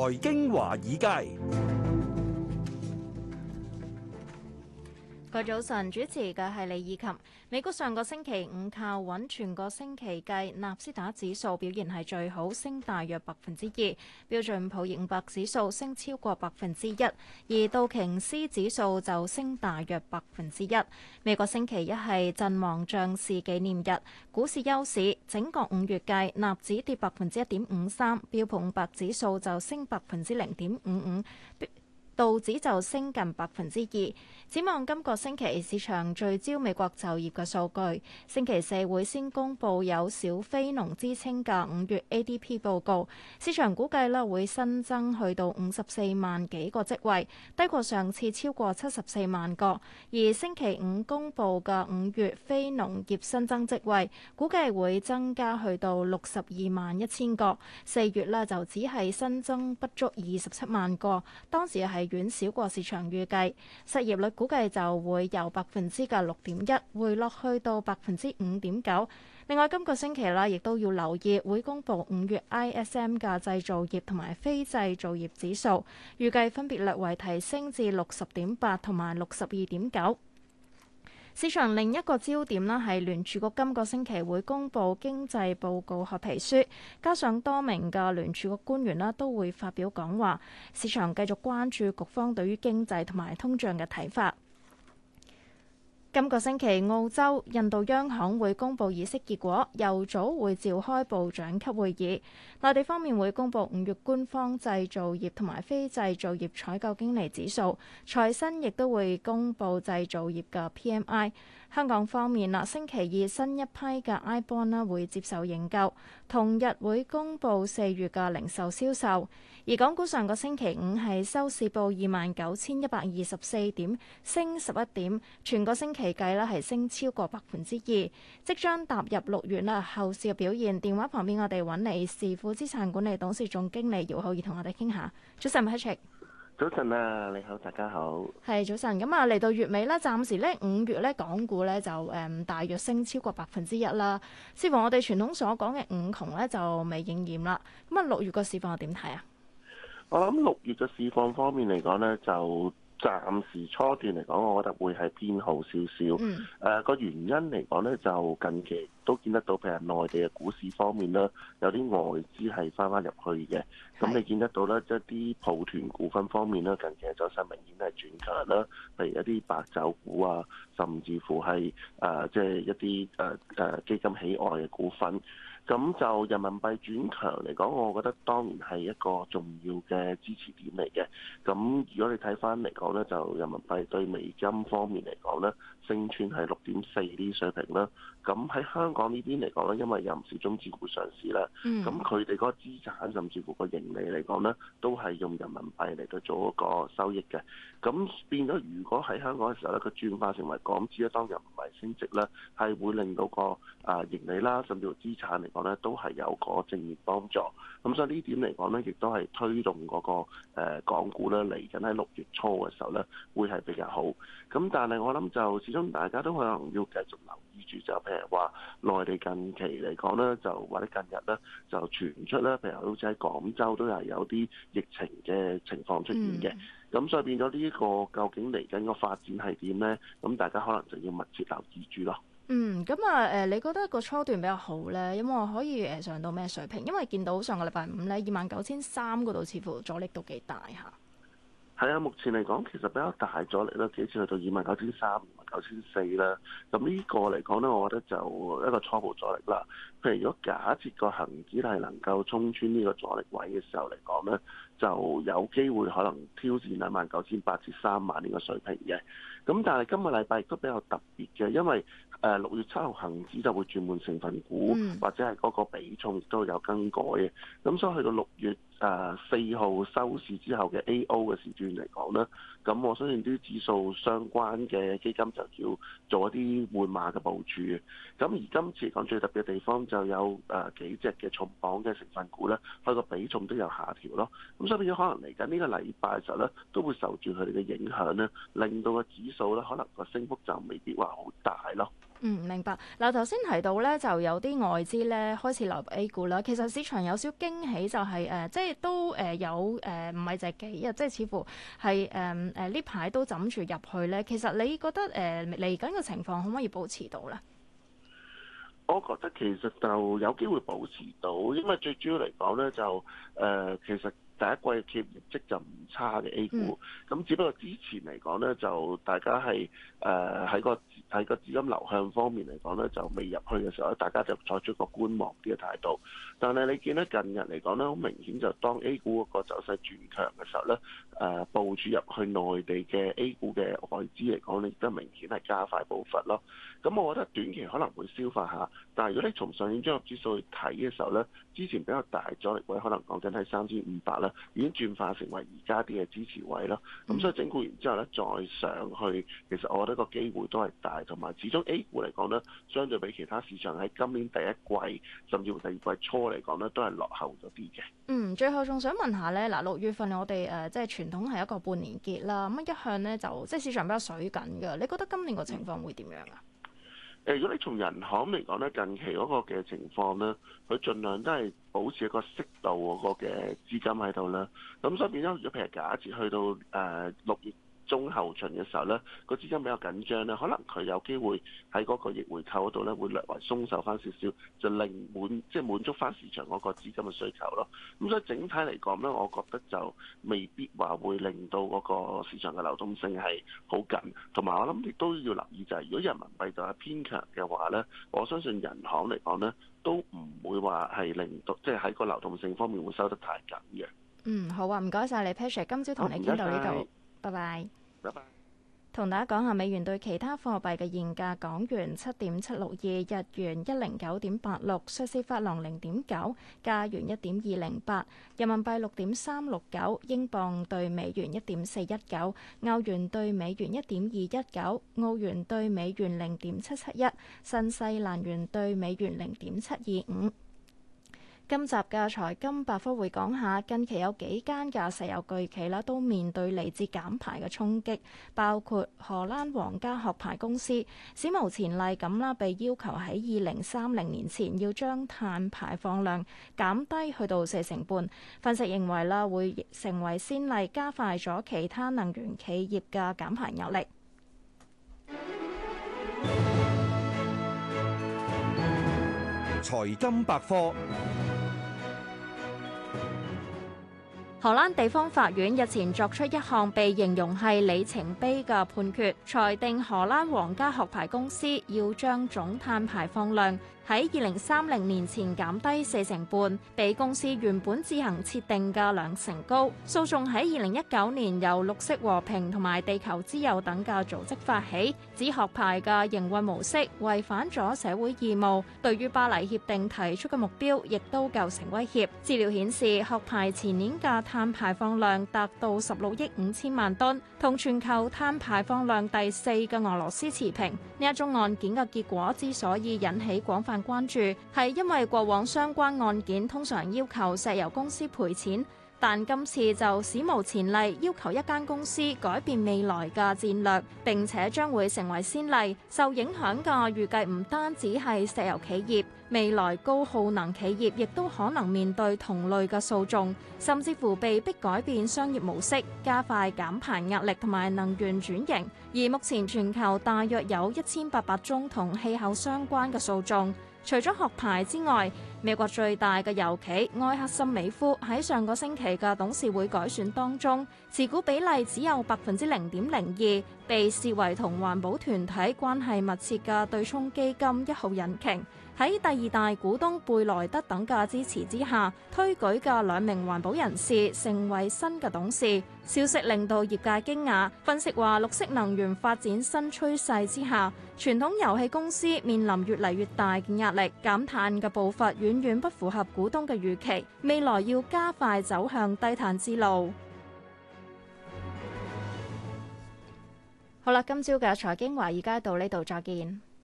財經華爾街。個早晨，主持嘅係李以琴。美國上個星期五靠穩，全個星期計納斯達克指數表現係最好，升大約百分之二。標準普爾五百指數升超過百分之一，而道瓊斯指數就升大約百分之一。美國星期一係陣亡將士紀念日，股市休市。整個五月計納指跌百分之一點五三，標普五百指數就升百分之零點五五。道指就升近百分之二，展望今個星期市場聚焦美國就業嘅數據，星期四會先公布有小非農之稱嘅五月 ADP 報告，市場估計咧會新增去到五十四萬幾個職位，低過上次超過七十四萬個，而星期五公布嘅五月非農業新增職位估計會增加去到六十二萬一千個，四月啦就只係新增不足二十七萬個，當時係。遠少過市場預計，失業率估計就會由百分之嘅六點一回落去到百分之五點九。另外，今個星期啦，亦都要留意會公布五月 ISM 嘅製造業同埋非製造業指數，預計分別略為提升至六十點八同埋六十二點九。市場另一個焦點呢，係聯儲局今個星期會公布經濟報告褐皮書，加上多名嘅聯儲局官員咧都會發表講話，市場繼續關注局方對於經濟同埋通脹嘅睇法。今個星期，澳洲、印度央行會公布議息結果，油組會召開部長級會議。內地方面會公布五月官方製造業同埋非製造業採購經理指數，財新亦都會公布製造業嘅 PMI。香港方面啦，星期二新一批嘅 iBond 啦，會接受認購，同日會公布四月嘅零售銷售。而港股上個星期五係收市報二萬九千一百二十四點，升十一點，全個星期計呢係升超過百分之二。即將踏入六月啦，後市嘅表現，電話旁邊我哋揾嚟市富資產管理董事總經理姚浩儀同我哋傾下。早晨，人，你早晨啊，你好，大家好。係早晨，咁啊嚟到月尾啦，暫時咧五月咧港股咧就誒、嗯、大約升超過百分之一啦。似乎我哋傳統所講嘅五窮咧就未應驗啦。咁啊六月個市況點睇啊？我諗六月嘅市況方面嚟講咧就。暫時初段嚟講，我覺得會係偏好少少。誒個、mm. 呃、原因嚟講咧，就近期都見得到，譬如內地嘅股市方面啦，有啲外資係翻翻入去嘅。咁、mm. 你見得到咧，一啲抱團股份方面咧，近期嘅走勢明顯都係轉強啦，譬如一啲白酒股啊，甚至乎係誒即係一啲誒誒基金喜愛嘅股份。咁就人民幣轉強嚟講，我覺得當然係一個重要嘅支持點嚟嘅。咁如果你睇返嚟講咧，就人民幣對美金方面嚟講咧，升穿係六點四呢水平啦。咁喺香港呢邊嚟講咧，因為有唔少中資股上市咧，咁佢哋嗰個資產甚至乎個盈利嚟講咧，都係用人民幣嚟到做一個收益嘅。咁變咗，如果喺香港嘅時候咧，佢轉化成為港紙咧，當人民幣升值咧，係會令到個啊盈利啦，甚至乎資產嚟講。咧都係有個正面幫助，咁所以呢點嚟講咧，亦都係推動嗰個誒港股咧，嚟緊喺六月初嘅時候咧，會係比較好。咁但係我諗就始終大家都可能要繼續留意住，就譬如話內地近期嚟講咧，就或者近日咧就傳出咧，譬如好似喺廣州都係有啲疫情嘅情況出現嘅。咁所以變咗呢一個究竟嚟緊個發展係點咧？咁大家可能就要密切留意住咯。嗯，咁啊，誒，你覺得個初段比較好咧，有冇可以誒上到咩水平？因為見到上個禮拜五咧，二萬九千三嗰度似乎阻力都幾大嚇。係啊，目前嚟講其實比較大阻力咯，幾次去到二萬九千三。九千四啦，咁呢個嚟講呢，我覺得就一個初步阻力啦。譬如如果假設個恒指係能夠沖穿呢個阻力位嘅時候嚟講呢，就有機會可能挑戰兩萬九千八至三萬呢個水平嘅。咁但係今個禮拜亦都比較特別嘅，因為誒六月七號恒指就會轉換成分股，或者係嗰個比重都有更改嘅。咁所以去到六月誒四號收市之後嘅 A.O. 嘅時段嚟講呢，咁我相信啲指數相關嘅基金。就要做一啲換馬嘅部署。咁而今次嚟講最特別嘅地方就有誒幾隻嘅重磅嘅成分股咧，佢個比重都有下調咯。咁所以可能嚟緊呢個禮拜嘅時候咧，都會受住佢哋嘅影響咧，令到個指數咧可能個升幅就未必話好大咯。嗯，明白。嗱、啊，頭先提到咧，就有啲外資咧開始流入 A 股啦。其實市場有少驚喜，就係、是、誒、呃，即係都誒有誒，唔係就係幾日，即係似乎係誒誒呢排都枕住入去咧。其實你覺得誒嚟緊個情況可唔可以保持到咧？我覺得其實就有機會保持到，因為最主要嚟講咧就誒、呃，其實。第一季企業業績就唔差嘅 A 股，咁、嗯、只不過之前嚟講呢，就大家係誒喺個喺個資金流向方面嚟講呢，就未入去嘅時候咧，大家就採取個觀望啲嘅態度。但係你見咧近日嚟講呢，好明顯就當 A 股嗰個走勢轉強嘅時候呢，誒部署入去內地嘅 A 股嘅外資嚟講，咧亦都明顯係加快步伐咯。咁我覺得短期可能會消化下，但係如果你從上證綜合指數去睇嘅時候呢，之前比較大阻力位可能講緊係三千五百啦。已經轉化成為而家啲嘅支持位咯，咁、嗯、所以整固完之後咧，再上去，其實我覺得個機會都係大，同埋始終 A 股嚟講咧，相對比其他市場喺今年第一季甚至乎第二季初嚟講咧，都係落後咗啲嘅。嗯，最後仲想問下咧，嗱六月份我哋誒、呃、即係傳統係一個半年結啦，咁一向咧就即係市場比較水緊㗎，你覺得今年個情況會點樣啊？嗯誒，如果你從人行嚟講咧，近期嗰個嘅情況咧，佢盡量都係保持一個適度嗰個嘅資金喺度啦。咁所以變咗，如果譬如假設去到誒六月中後旬嘅時候呢，個資金比較緊張呢，可能佢有機會喺嗰個逆回購嗰度呢會略為鬆手翻少少，就令滿即係、就是、滿足翻市場嗰個資金嘅需求咯。咁、嗯、所以整體嚟講呢，我覺得就未必話會令到嗰個市場嘅流動性係好緊，同埋我諗亦都要留意就係、是，如果人民幣仲有偏強嘅話呢，我相信人行嚟講呢都唔會話係令到即係喺個流動性方面會收得太緊嘅。嗯，好啊，唔該晒。Her, 你，Patrick，今朝同你傾到呢度，拜拜。同大家講下美元對其他貨幣嘅現價：港元七點七六二，日元一零九點八六，瑞士法郎零點九，加元一點二零八，人民幣六點三六九，英鎊兌美元一點四一九，歐元兌美元一點二一九，澳元兌美元零點七七一，新西蘭元兌美元零點七二五。今集嘅財金百科會講下近期有幾間嘅石油巨企啦，都面對嚟自減排嘅衝擊，包括荷蘭皇家殼牌公司史無前例咁啦，被要求喺二零三零年前要將碳排放量減低去到四成半。分析認為啦，會成為先例，加快咗其他能源企業嘅減排壓力。財金百科。荷蘭地方法院日前作出一項被形容係里程碑嘅判決，裁定荷蘭皇家殼牌公司要將總碳排放量喺二零三零年前減低四成半，比公司原本自行設定嘅兩成高。訴訟喺二零一九年由綠色和平同埋地球之友等嘅組織發起，指殼牌嘅營運模式違反咗社會義務，對於巴黎協定提出嘅目標亦都構成威脅。資料顯示，殼牌前年嘅碳排放量達到十六億五千萬噸，同全球碳排放量第四嘅俄羅斯持平。呢一宗案件嘅結果之所以引起廣泛，關注係因為過往相關案件通常要求石油公司賠錢，但今次就史無前例要求一間公司改變未來嘅戰略，並且將會成為先例。受影響嘅預計唔單止係石油企業，未來高耗能企業亦都可能面對同類嘅訴訟，甚至乎被迫改變商業模式，加快減排壓力同埋能源轉型。而目前全球大約有一千八百宗同氣候相關嘅訴訟。除咗殼牌之外，美國最大嘅油企埃克森美孚喺上個星期嘅董事會改選當中，持股比例只有百分之零點零二，被視為同環保團體關係密切嘅對沖基金一號引擎。喺第二大股東貝萊德等嘅支持之下，推舉嘅兩名環保人士成為新嘅董事。消息令到業界驚訝，分析話，綠色能源發展新趨勢之下，傳統油氣公司面臨越嚟越大嘅壓力，減碳嘅步伐遠遠不符合股東嘅預期，未來要加快走向低碳之路。好啦，今朝嘅財經華爾街到呢度再見。